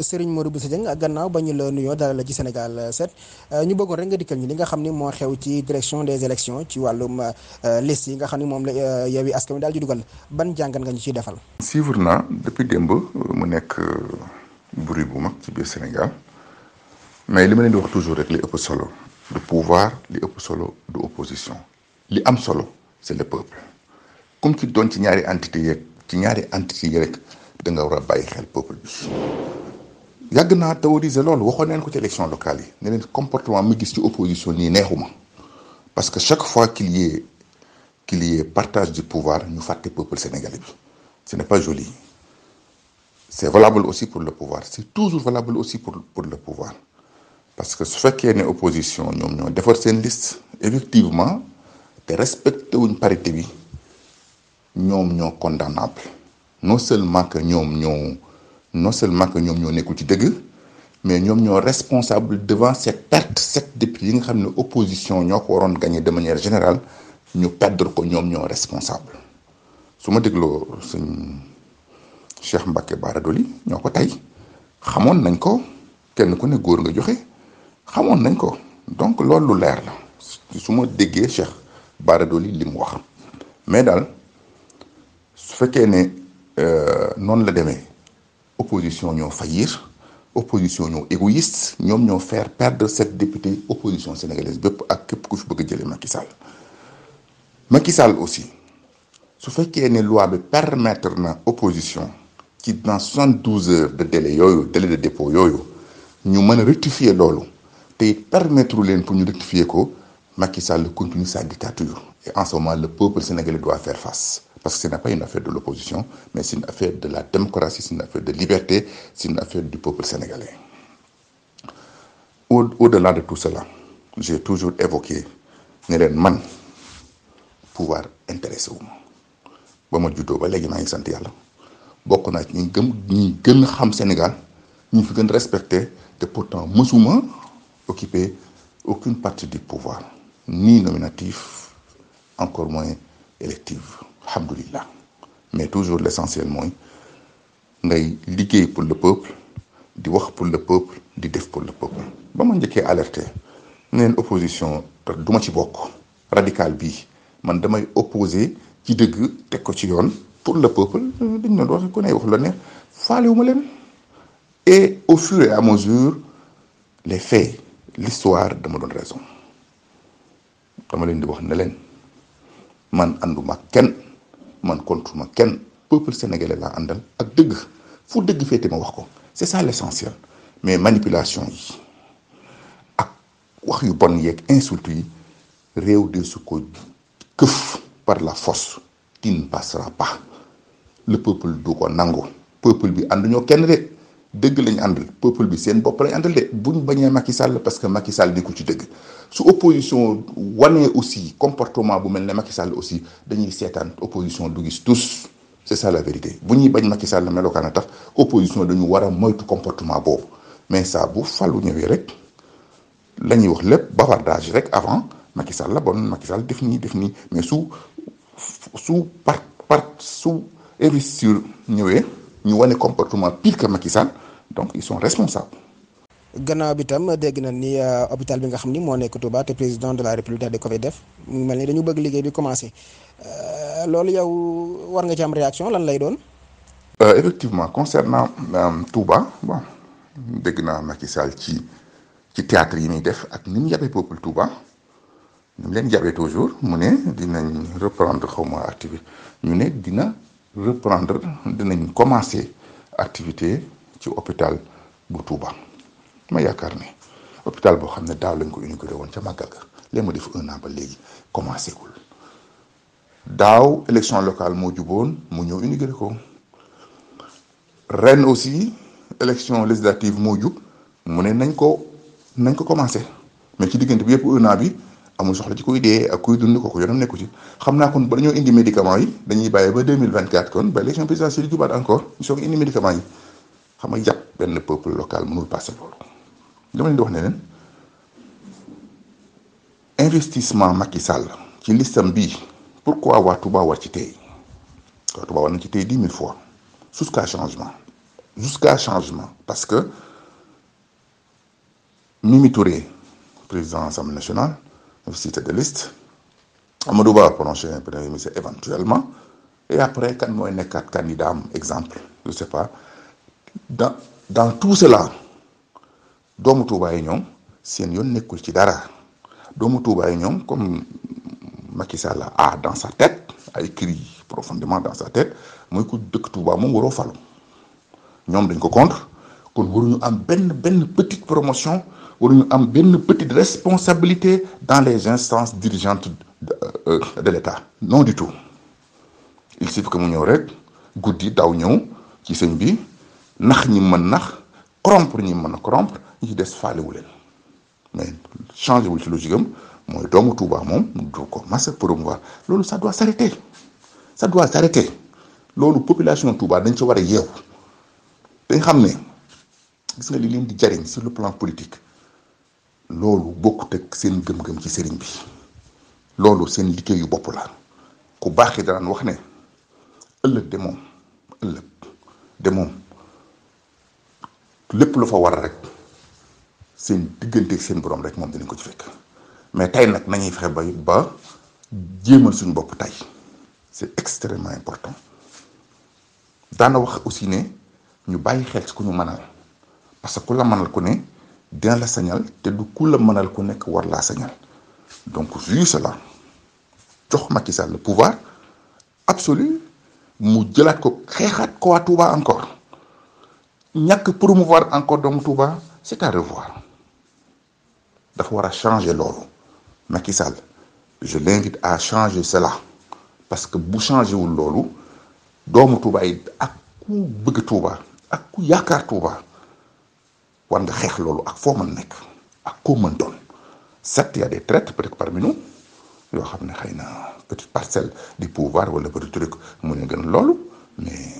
Serigne Modou Bousso Dieng gannaaw ba ñu la nuyoo dalal la ci Sénégal 7 euh, ñu bëggoon rek nga dikkal ñi li nga xam ni moo xew ci direction des élections ci wàllum euh, liste yi nga xam ni moom la euh, Yewwi Askan Wi daal di dugal ban jàngat nga ñu ciy defal. suivre naa depuis démb mu nekk bruit bu mag ci biir Sénégal mais li ma ne di wax toujours rek li ëpp solo du pouvoir li ëpp solo du opposition li am solo c'est le peuple comme ci doon ci ñaari entité yeeg ci ñaari entité yi rek da nga war a yàgg naa théoriser loolu waxoon neen ko ci élection locale yi ne leen comportement mi gis ci opposition nii neexuma parce que chaque fois qu'il y ait qu'il y ait partage du pouvoir ñu fàtte peuple sénégal bi ce n'est pas joli c'est valable aussi pour le pouvoir c'est toujours valable aussi pour pour le pouvoir parce que su fekkee ne opposition ñoom ñoo defar seen liste effectivement te respecté wuñ parité bi ñoom ñoo condamnable non seulement que ñoom ñoo non seulement que ñoom ñoo nekkul ci dëgg mais ñoom ñoo responsable devant cet perte cette députés yi nga xam ne opposition ñoo ko waroon gagner de manière générale ñu perdre ko ñoom ñoo responsable su ma dégloo sëñ Cheikh Mbacké Bara Dolly ñoo ko tey xamoon nañ ko kenn ku ne góor nga joxe xamoon nañ ko donc loolu lu leer la su ma déggee Cheikh Bara Dolly li mu wax mais daal su fekkee ne euh, noonu la demee opposition ñoo faillir opposition ñoo égoïste ñoom ñoo faire perdre sept députés opposition sénégalaise bépp ak képp ku fi bëgg jële Macky Sall Macky Sall aussi su fekkee ne loi bi permettre na opposition ci dans soixante douze de délai yooyu délai de dépôt yooyu ñu mën a rectifier loolu te it permettre leen pour ñu rectifier ko Macky Sall continue sa dictature en ce moment peuple sénégalais doit faire face Parce que ce n'est pas une affaire de l'opposition, mais c'est une affaire de la démocratie, c'est une affaire de liberté, c'est une affaire du peuple sénégalais. Au-delà au de tout cela, j'ai toujours évoqué ne man pouvoir intéressé wu ma ba juddoo ba léegi maa ngi sant yàlla bokk naa ci ñi gëm ñi gën xam Sénégal ñi fi gën respecté te pourtant mësuma occupé aucune partie du pouvoir ni nominatif encore moins élective alhamdulillah mais toujours l'essentiel mooy ngay liggéey pour le peuple di wax pour le peuple di def pour le peuple ba ma njëkkee alerté neen opposition te du ma ci bokk radical bi man damay opposé ci dëgg teg ko ci yoon pour le peuple dañ doon wax ku ne wax la ne faalewuma leen et au fur et à mesure les faits l'histoire dama doon raison dama leen di wax ne leen man ànduma kenn man kontuma kenn peuple sénégalais laa àndal ak dëgg fu dëgg féete ma wax ko c'est ça l'essentiel mais manipulation yi ak wax yu bon yeeg insulte yi réew de su ko këf par la force qui ne passera pas le peuple du ko nangu peuple bi ànduñoo kenn rek dëgg lañ àndal peuple bi seen bopp lañ àndal de buñ bañee Macky Sall parce que Macky Sall ko ci dëgg su opposition wanee aussi comportement bu mel ne Macky Sall aussi dañuy seetaan opposition du gis tous c'est ça la vérité bu ñuy bañ Macky Sall melokaan a tax opposition dañu war a moytu comportement boobu mais saa bu falu ñëwee rek la wax lépp bavardage rek avant Macky Sall la bon Macky Sall def nii def nii mais su su par par su investiture ñëwee ñu wane comportement pire que donc ils sont responsables. gannaaw bi tam dégg na ni euh, hôpital bi nga xam ni moo nekk Touba te président de la république daal di ko fay def mu mel ni dañu bëgg liggéey bi commencé euh, loolu yow war nga ci réaction lan lay doon. Euh, effectivement concernant Touba bon dégg naa Macky Sall ci ci théâtre yi muy def ak ni mu yabee peuple Touba ni leen yabee toujours mu ne dinañ reprendre xaw ma activité ñu ne dina reprendre dinañ commencer activité. ci hôpital bu tuuba ma yaakaar ne hôpital boo xam ne daaw lañ ko inauguré woon ca màggal ga léegi ma def un ba léegi commencé gul daaw élection locale moo juboon mu ñëw inauguré ko ren aussi élection législative moo jub mu ne nañ ko nañ ko commencé mais ci diggante bi yëpp un bi amul soxla ci kuy dee ak kuy dund kooku yoonam nekku ci xam naa kon ba dañoo indi médicament yi dañuy bàyyi ba deux mille vingt quatre kon ba élection présidentielle jubaat encore yi. xam nga jàpp benn peuple local mënul passé loolu dama leen di wax ne leen investissement Macky Sall ci listam bii pourquoi waa Touba war ci tey waa Touba war na ci tey dix mille fois jusqu'à changement jusqu'à changement parce que Mimi Touré président Assemblée national officier de liste Amadou Ba prochain premier ministre éventuellement et après kan mooy nekkaat candidat am exemple je sais pas dans dans tout cela doomu Touba ñoom seen yoon nekkul ci dara doomu Touba ñoom comme Macky Sall a dans sa tête a écrit profondément dans tête mooy ku dëkk Touba moom waroo falu ñoom dañ ko contre kon waruñu am benn benn petite promotion waruñu am benn petite responsabilité dans les instances dirigeantes de euh, l'État non du tout il suffit que mu ñëw rek guddi daw ñëw ci sëñ bi. nax ñi mën nax corrompre ñi mën a corrompre ñi ci des faalewu leen mais changé wul ci logique am mooy doomu Touba moom du ko mas a promouvoir loolu ça doit s'arrêter ça doit s'arrêter loolu population Touba dañ ci war a yeewu dañ xam ne gis nga li leen di jariñ sur le plan politique loolu bokkut teg seen gëm-gëm ci sëriñ bi loolu seen liggéeyu boppu la ku baax yi danaan wax ne ëllëg de moom ëllëg de moom. lépp lu fa war a rek seen digganteeg seen boroom rek moom dinañ ko ci fekk mais tey nag nañuy fexe ba ba jéemal suñu bopp tey c'est extrêmement important daana wax aussi ne ñu bàyyi xel ci ku ñu mënal parce que ku la mënal ku ne dina la sañal te du ku la mënal ku nekk war laa sañal donc vu la jox Macky Sall le pouvoir absolu mu jëlaat ko xeexaat ko waa Touba encore ñàkk promouvoir encore doomu Touba c'est à revoir dafa war a changer loolu Macky Sall je l'invite à changer cela parce que bu changé wul loolu doomu Touba yi ak ku bëgg tuuba ak ku yaakaar Touba war nga xeex loolu ak foo mën nekk ak koo mën doon certes y a des traites peut-être parmi nous yoo xam ne xëy na petite parcelle du pouvoir wala petit truc mu ne gën loolu mais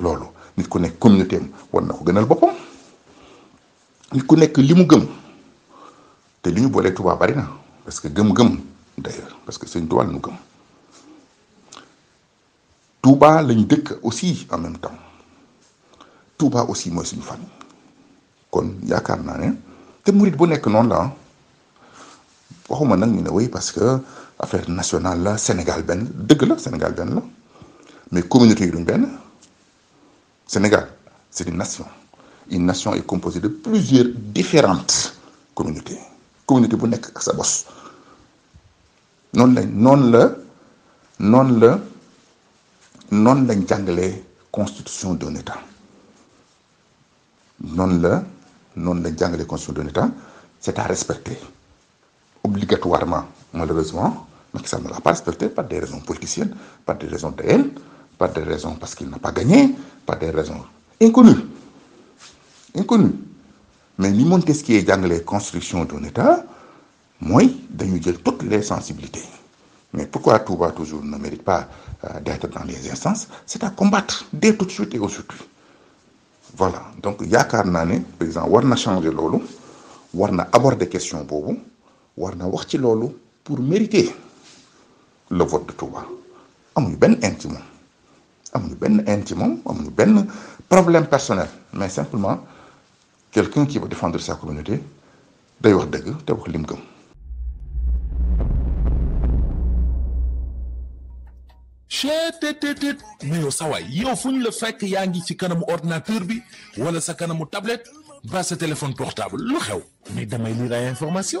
loolu nit ku nekk communauté am na ko gënal boppam nit ku nekk li mu gëm te li ñu boolee Touba bari na parce que gëm-gëm d'ailleurs parce que sëñ Touba la ñu gëm Touba lañ dëkk aussi en même temps Touba aussi mooy suñu famille kon yaakaar naa ne te murit bu nekk noonu la waxuma nag ñu ne way parce que affaire nationale la Sénégal benn dëgg la Sénégal benn la mais communauté yi luñ benn. Sénégal, c'est une nation. Une nation est composée de plusieurs différentes communautés. communauté bu nekk ak sa bos noonu lañ noon la noon la noonu lañ jàngalee constitution d'un état noon la noonu la jàngalee constitution d'un état c'est à respecter obligatoirement malheureusement Macky Sall ne l'a pas respecté par des raisons politiciennes par des raisons de par des raisons parce qu'il n'a pas gagné, par des raisons inconnues. Inconnues. Mais li Montesquieu jàngale construction d'un État mooy dañu jël toutes les sensibilités mais pourquoi Touba toujours ne mérite pas euh, d'être dans les instances c'est à combattre dès tout de suite aujourd'hui voilà donc yaakaar naa ne président war na changer loolu war na aborder question boobu war na wax ci loolu pour mériter le vote de Touba amuñu benn intime amuñu benn haine ci nu benn problème personnel mais simplement quelqu'un qui veut défendre sa communauté day wax dëgg te wax lim gëm chetttt mais yow sawaay yow fu ñu la fekk yaa ngi ci kanamu ordinateur bi wala sa kanamu tablet ba sa téléphone portable lu xew mais damay lire ay information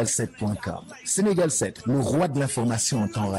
Sénégal7.com. Sénégal le roi de l'information en temps